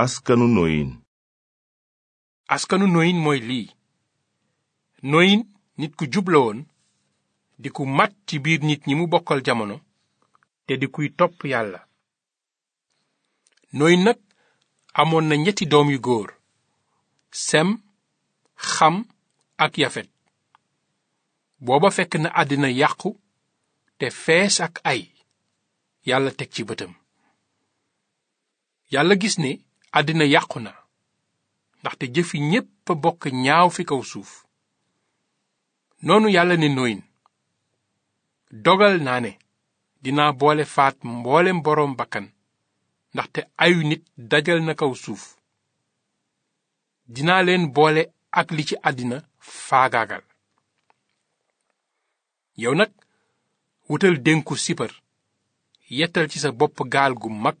askanu noyin askanu mooy lii noyin nit ku jub woon di ku mat ci biir nit ñi mu bokkal jamono te di kuy topp yàlla noyin nag amoon na ñetti doom yu góor sem xam ak yafet booba fekk na àddina yàqu te fees ak ay yàlla teg ci bëtam yàlla gis ne àddina yàqu na ndaxte jëfi ñépp a bokk ñaaw fi kaw suuf noonu yàlla ne nooyin dogal naa ne dinaa boole faat mboolem boroom bakkan ndaxte ayu nit dajal na kaw suuf dinaa leen boole ak li ci àddina faagaagal yow nag wutal dénku sipar yettal ci sa bopp gaal gu mag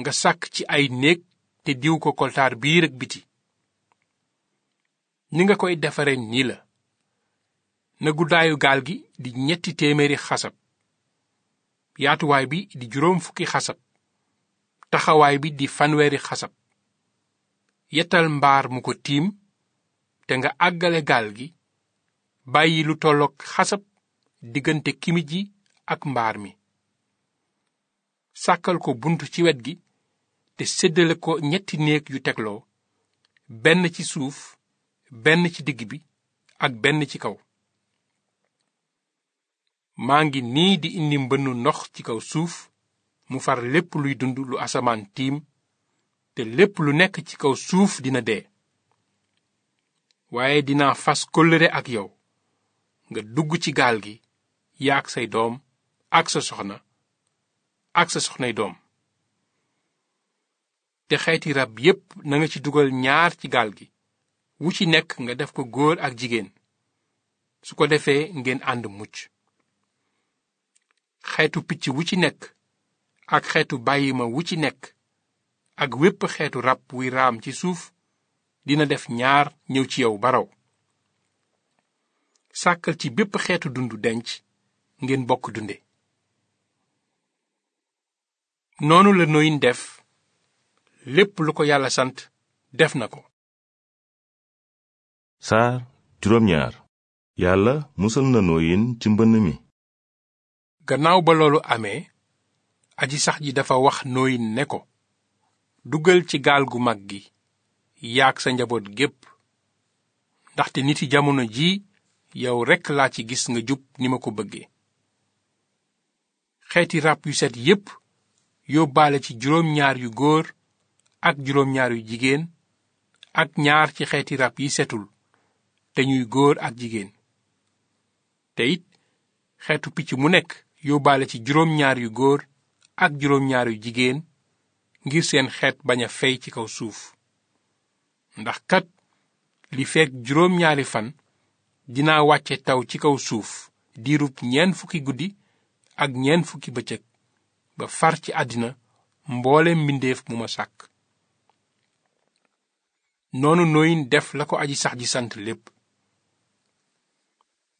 nga sàkk ci ay néeg te diw ko koltaar biir ak biti ni nga koy defare nii la na guddaayu gaal gi di ñetti téeméeri xasab yaatuwaay bi di juróom fukki xasab taxawaay bi di fanweeri xasab yetal mbaar mu ko tiim te nga àggale gaal gi bàyyi lu tolloog xasab diggante kimi ji ak mbaar mi sàkkal ko bunt ci wet gi te séddale ko ñetti néeg yu tegloo benn ci suuf benn ci digg bi ak benn ci kaw maa ngi nii di indi mbënnu ndox ci kaw suuf mu far lépp luy dund lu asamaan tiim te lépp lu nekk ci kaw suuf dina dee waaye dinaa fas kóllëre ak yow nga dugg ci gaal gi yaa ak say doom ak sa soxna ak sa soxnay doom te xeeti ràbb yépp nanga ci dugal ñaar ci gaal gi wu ci nekk nga def ko góor ak jigéen su ko defee ngeen ànd mucc xeetu picc wu ci nekk ak xeetu bàyyima wu ci nekk ak wépp xeetu rab wuy raam ci suuf dina def ñaar ñëw ci yow baraw sàkkal ci bépp xeetu dundu denc ngeen bokk dunde la noyin def lépp lu ko yàlla sant def na ko. saar yàlla musal na nooyin ci mbënn mi. gannaaw ba loolu amee aji sax ji dafa wax nooyin ne ko dugal ci gaal gu mag gi yaak sa njaboot gépp ndaxte nit yi jamono ji yow rekk laa ci gis nga jub ni ma ko bëggee. xeeti rab yu set yépp yóbbaale ci juróom ñaar yu góor ak juróom ñaar yu jigéen ak ñaar ci xeeti rab yi setul te ñuy góor ak jigéen te xeetu picc mu nekk yóbbaale ci juróom ñaar yu góor ak juróom ñaar yu jigéen ngir seen xeet bañ a fey ci kaw suuf ndax kat li feek juróom ñaari fan dinaa wàcce taw ci kaw suuf diirub ñeent fukki guddi ak ñeent fukki bëccëg ba far ci àddina mboole mbindeef mu ma sàkk noonu nóyin def la ko aji sax ji sant lépp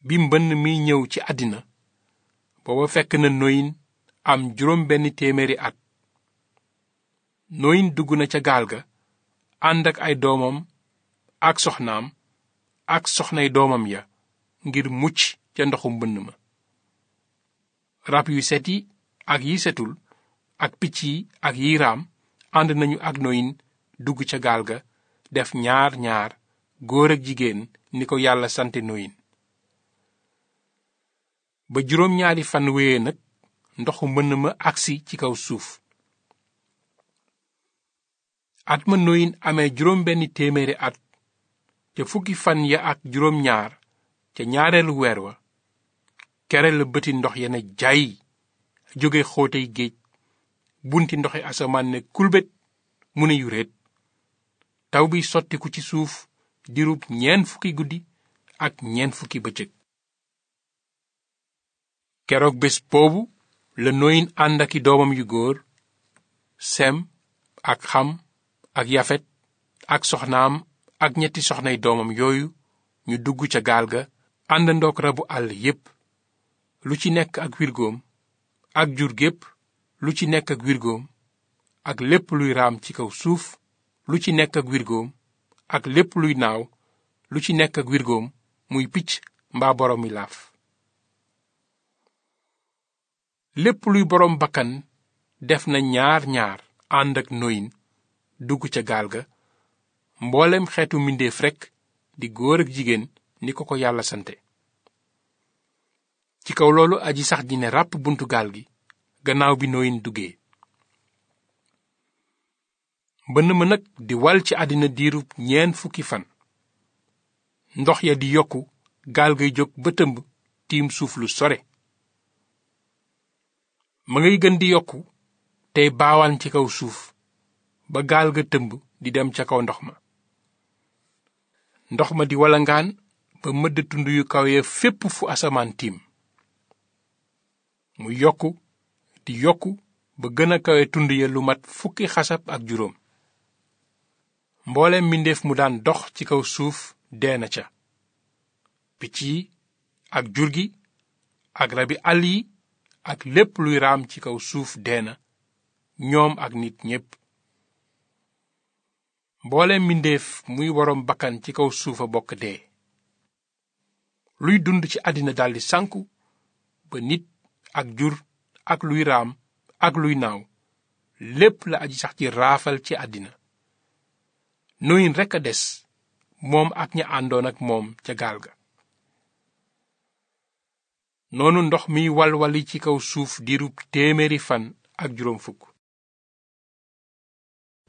bi mbënn mi ñëw ci àddina booba fekk na nóyin am juróom benn téeméeri at nóyin dugg na ca gaal ga ànd ak ay doomam ak soxnaam ak soxnay doomam ya ngir mucc ca ndoxu mbënn ma rab yu set yi ak yi setul ak picc yi ak yiiraam ànd nañu ak noyin dugg ca gaal ga def ñaar ñaar góor ak jigéen ni ko yàlla sante nuyin ba juróom-ñaari fan wéyee nag ndoxu mën ma agsi ci kaw suuf at ma nuyin amee juróom benn téeméeri at te fukki fan ya ak juróom ñaar ca ñaareelu weer wa kere la bëti ndox ya ne jaay jóge xóotey géej bunti ndoxi asamaan ne kulbét mu ne yu réet taw bi sottiku ci suuf dirub ñeent fukki guddi ak ñeent fukki bëccëg keroog bés boobu la noyin ànd aki doomam yu góor sem ak xam ak yafet ak soxnaam ak ñetti soxnay doomam yooyu ñu dugg ca gaal ga àndandook rabu àll yépp lu ci nekk ak wirgoom ak jur gépp lu ci nekk ak wirgoom ak lépp luy raam ci kaw suuf lu ci nekk ak wirgoom ak lépp luy naaw lu ci nekk ak wirgoom muy picc mbaa boroomi laaf lépp luy boroom bakkan def na ñaar ñaar ànd ak noyin dugg ca gaal ga mboolem xeetu mbindeef rekk di góor ak jigéen ni ko ko yàlla sante ci kaw loolu aji sax ji ne ràpp buntu gaal gi gannaaw bi nooyin duggee mbënn ma nag di wal ci àddina diirub ñeent fukki fan ndox ya di yokk gaal gay jóg ba tëmb tiim suuf lu sore ma ngay gën di yokku tey baawaan ci kaw suuf ba gaal ga tëmb di dem ca kaw ndox ma ndox ma di walangaan ba mëdd tund yu kaw ya fépp fu asamaan tiim mu yokku di yokku ba gëna a kawe tund ya lu mat fukki xasab ak juróom mboolem mbindeef mu daan dox ci kaw suuf dee na ca picc yi ak jur gi ak rabi àll yi ak lépp luy raam ci kaw suuf dee na ñoom ak nit ñépp mboolem mbindeef muy woroom bakkan ci kaw suufa bokk dee luy dund ci àddina daldi sànku ba nit ak jur ak luy raam ak luy naaw lépp la aji sax ci raafal ci àddina noyin rekk a des moom ak ña àndoon ak moom ca gaal ga noonu ndox mi walwali ci kaw suuf diirub téeméeri fan ak juróom fukk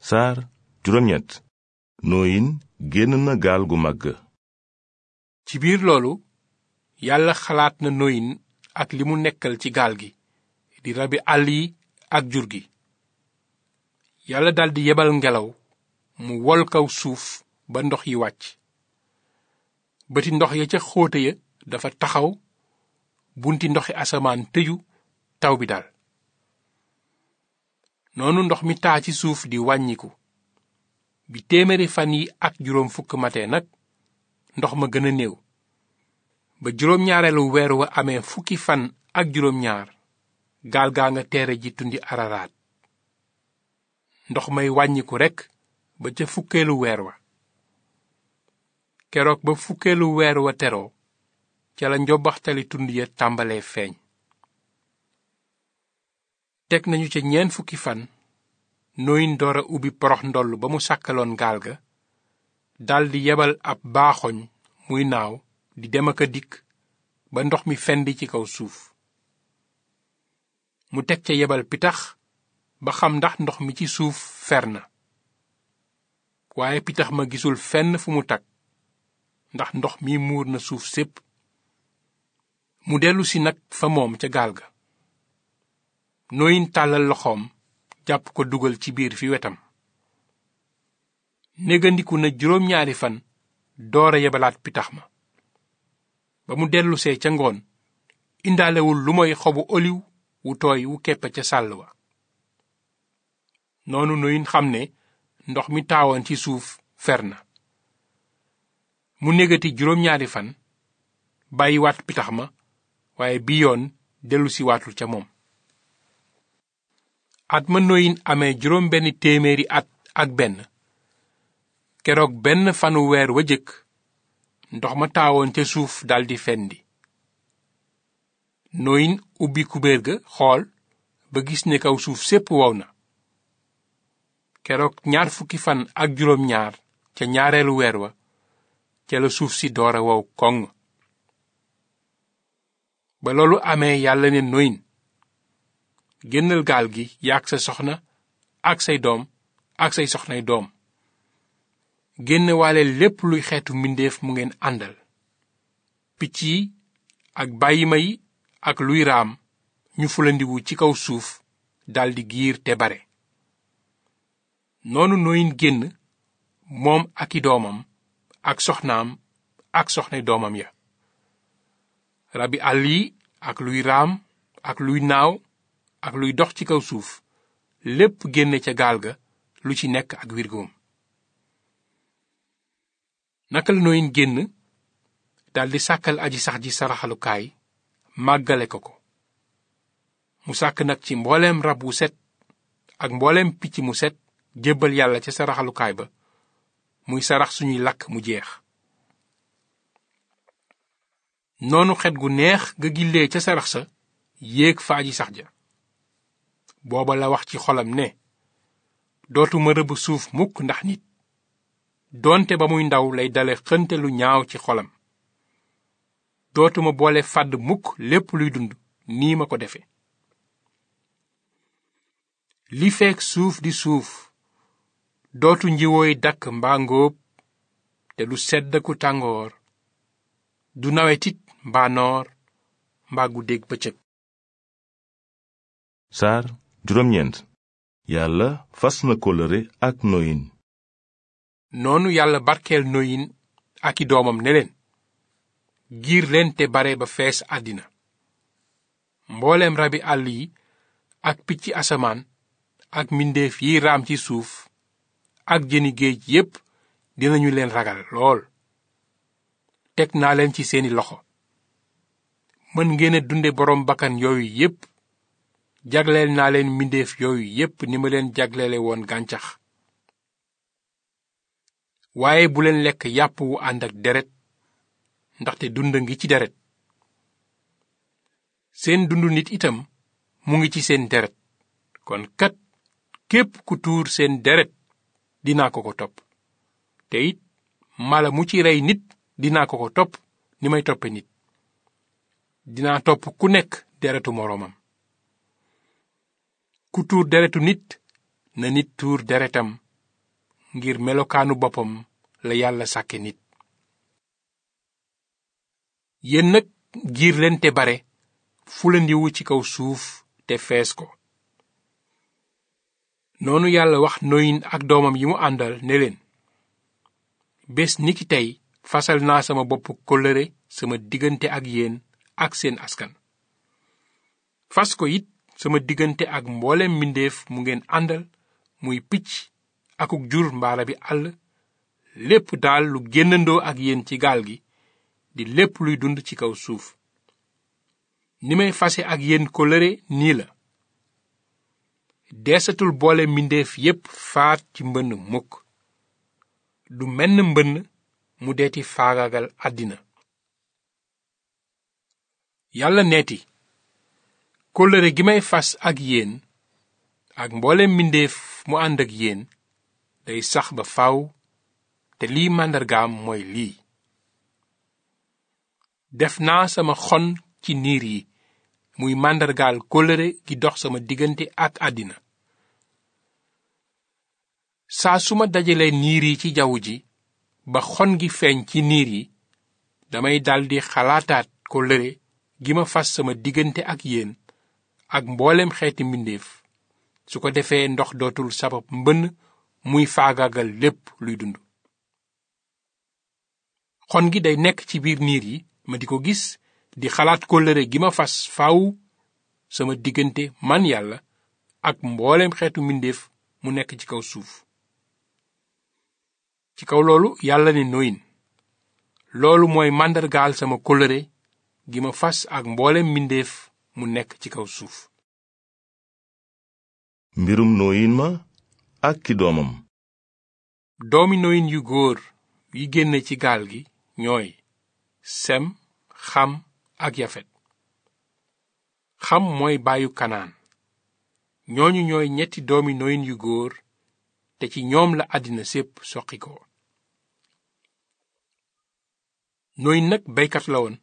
saar nooyin génn na gaal gu mag ci biir loolu yàlla xalaat na nooyin ak li mu nekkal ci gaal gi di rabi àll yi ak jur gi yàlla daldi yebal ngelaw mu wol kaw suuf ba ndox yi wàcc bëti ndox ya ca xóote ya dafa taxaw bunti ndoxi asamaan tëju taw bi dal noonu ndox mi taa ci suuf di wàññiku bi téeméeri fan yi ak juróom fukk matee nag ndox ma gën a néew ba juróom ñaareelu weer wa amee fukki fan ak juróom ñaar gaal gaa nga teere ji tundi araraat ndox may wàññiku rekk ba ca fukkeelu keroog ba fukkeelu weer wa teroo ca la njobbaxtali tund ya tàmbalee feeñ teg nañu ca ñeent fukki fan nooyin door a ubbi porox ndoll ba mu sàkkaloon gaal ga daldi yebal ab baaxoñ muy naaw di dem ak a dikk ba ndox mi fend ci kaw suuf mu teg ca yebal pitax ba xam ndax ndox mi ci suuf fer na waaye pitax ma gisul fenn fu mu tag ndax ndox mi muur na suuf sépp mu dellusi nag fa moom ca gaal ga nooyin tàllal loxoom jàpp ko dugal ci biir fi wetam négandiku na juróom ñaari fan doora yebalaat pitax ma ba mu dellusee ca ngoon indaalewul lu moy xobu oliw wu tooy wu keppe ca sàll wa noonu nuyin xam ne ndox mi taawoon ci suuf fer na mu négati juróom-ñaari fan bàyyiwaat pitax ma waaye bi yoon dellusi waatul ca moom at ma noyin amee juróom benn téeméeri at ak benn keroog benn fanu weer wa jëkk ndox ma taawoon ca suuf daldi fendi noyin ubbi kubéer ga xool ba gis ne kaw suuf sépp wow na keroog ñaar fukki fan ak juróom ñaar ca ñaareelu weer wa ca la suuf si door wow koŋ ba loolu amee yàlla ne noyin génnal gaal gi yaag sa soxna ak say doom ak say soxnay doom génn waale lépp luy xeetu mbindeef mu ngeen àndal picc yi ak bàyyima yi ak luy raam ñu fulandiwu ci kaw suuf daldi giir te bare noonu nooyin génn moom ak i doomam ak soxnaam ak soxnay doomam ya rabi àll yi ak luy raam ak luy naaw ak luy dox ci kaw suuf lépp génne ca gaal ga lu ci nekk ak wirgoom nakal la génn daldi sàkkal aji sax ji saraxalukaay màggale ko ko mu sàkk nag ci mbooleem rab wu set ak mboolem picc mu set jébbal yàlla ca saraxalukaay ba muy sarax suñuy lakk mu jeex noonu xet gu neex nga gillee ca sarax sa yéeg fa aji sax ja booba la wax ci xolam ne dootuma rëbb suuf mukk ndax nit doonte ba muy ndaw lay dale xënte lu ñaaw ci xolam dootuma boole fàdd mukk lépp luy dund nii ma ko defe dootu njiwooy dakk mbaa ngóob te du sedd ku tàngoor du nawetit mbaa noor mbaa guddeeg bëccëg saar juróom-ñeent ak noyin noonu yàlla barkeel noyin ak i doomam ne leen giir leen te bare ba fees àddina mbooleem rabi àll yi ak picc asamaan ak mbindeef yi raam ci suuf ak jëni géej yépp dinañu leen ragal lool teg naa leen ci seeni loxo mën ngeen dunde boroom bakkan yooyu yépp jagleel naa leen mbindeef yooyu yépp ni ma leen jagleele woon gàncax waaye bu leen lekk yàpp wu ànd ak deret ndaxte dund ngi ci deret seen dund nit itam mu ngi ci seen deret kon kat képp ku tuur seen deret dinaa ko ko topp te mala mu ci rey nit dinaa ko ko topp ni may toppe nit dinaa topp ku nekk deretu moromam ku tuur deretu nit na nit tuur deretam ngir melokaanu boppam la yàlla sàkke nit yéen nag giir leen te bare fulandiwu ci kaw suuf te fees ko noonu yàlla wax noyin ak doomam yi mu àndal ne leen bés ki tey fasal naa sama bopp kóllëre sama diggante ak yéen ak seen askan fas ko it sama diggante ak mboolem mbindeef mu ngeen àndal muy picc akuk jur mbaara bi àll lépp daal lu génnandoo ak yéen ci gaal gi di lépp luy dund ci kaw suuf ni may fase ak yéen kóllëre nii la deesatul boole mbindeef yépp faat ci mbënn mukk du menn mbënn mu deeti faagaagal àddina yàlla neeti kóllëre gi may fas ak yéen ak mboole mbindeef mu ànd ak yéen day sax ba faw te lii màndargaam mooy lii def naa sama xon ci niir yi muy màndargaal kóllëre gi dox sama diggante ak àddina saa su ma dajalee niir yi ci jaww ji ba xon gi feeñ ci niir yi damay daldi xalaataat kóllëre gi ma fas sama diggante ak yéen ak mboolem xeeti mbindéef su ko defee ndox dootul sabab mbënn muy faagaagal lépp luy dund xon gi day nekk ci biir niir yi ma di ko gis di xalaat kóllëre gi ma fas faw sama diggante man yàlla ak mboolem xeetu mbindeef mu nekk ci kaw suuf ci kaw loolu yàlla ne noyin loolu mooy màndargaal sama kóllëre gi ma fas ak mboolem mbindeef mu nekk ci kaw suuf mbirum nooyin ma ak ki doomam doomi nooyin yu góor yi génne ci gaal gi ñooy sem xam ak yafet xam mooy bàyyu kanaan ñooñu ñooy ñetti doomi noyin yu góor te ci ñoom la àddina sépp soqi ko noyin nag baykat la woon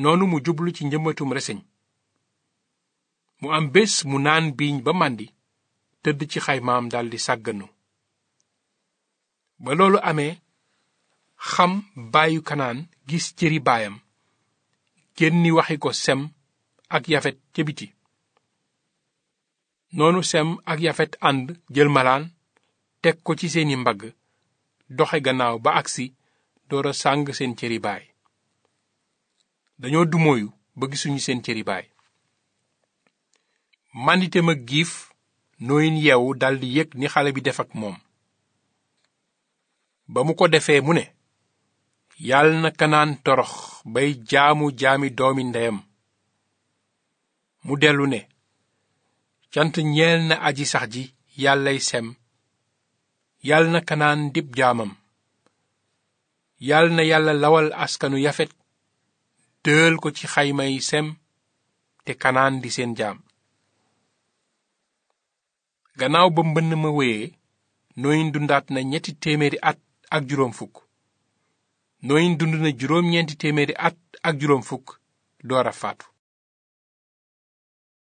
noonu mu jublu ci njëmbatum reseñ mu am bés mu naan biiñ ba màndi tëdd ci xaymaam daldi sàgganu ba loolu amee xam bàyyu kanaan gis cëri baayam génni waxi ko sem ak yafet ca biti noonu sem ak yafet ànd jël malaan teg ko ci seeni mbagg doxe gannaaw ba agsi doora sàng seen cëri baay dañoo dumóoyu ba gisuñu seen cëribaay baay mànditem giif nooyin yeewu daldi yëg ni xale bi def ak moom ba mu ko defee mu ne yal na kanaan torox bay jaamu jaami doomi ndeyam mu dellu ne cant ñeel na aji sax ji yàllay sem yal na kanaan dib jaamam yal na yàlla lawal askanu yafet dël ko ci xaymay sem te kanaan di seen jaam gannaaw ba mbënn ma wéyee nooyin dundaat na ñetti téeméeri at ak juróom fukk nooyin dund na juróom ñeenti téeméeri at ak juróom fukk door a faatu